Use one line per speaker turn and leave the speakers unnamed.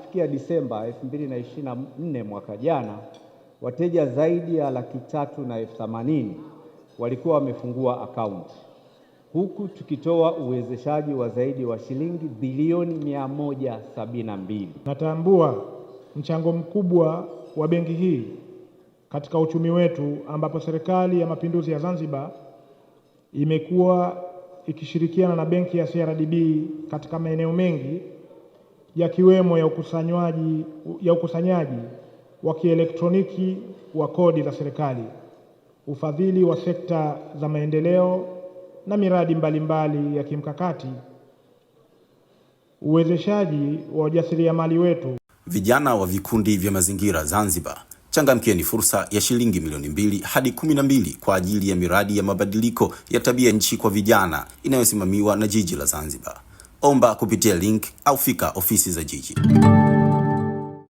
Kufikia Disemba 2024 mwaka jana, wateja zaidi ya laki tatu na elfu themanini walikuwa wamefungua akaunti, huku tukitoa uwezeshaji wa zaidi wa shilingi bilioni 172.
Natambua mchango mkubwa wa benki hii katika uchumi wetu, ambapo Serikali ya Mapinduzi ya Zanzibar imekuwa ikishirikiana na benki ya CRDB katika maeneo mengi yakiwemo ya ukusanyaji, ya ukusanyaji wa kielektroniki wa kodi za serikali, ufadhili wa sekta za maendeleo na miradi mbalimbali mbali ya kimkakati, uwezeshaji wa wajasiriamali wetu.
Vijana wa vikundi vya mazingira Zanzibar changamkieni fursa ya shilingi milioni mbili hadi kumi na mbili kwa ajili ya miradi ya mabadiliko ya tabia nchi kwa vijana inayosimamiwa na jiji la Zanzibar omba kupitia link au fika ofisi za jiji.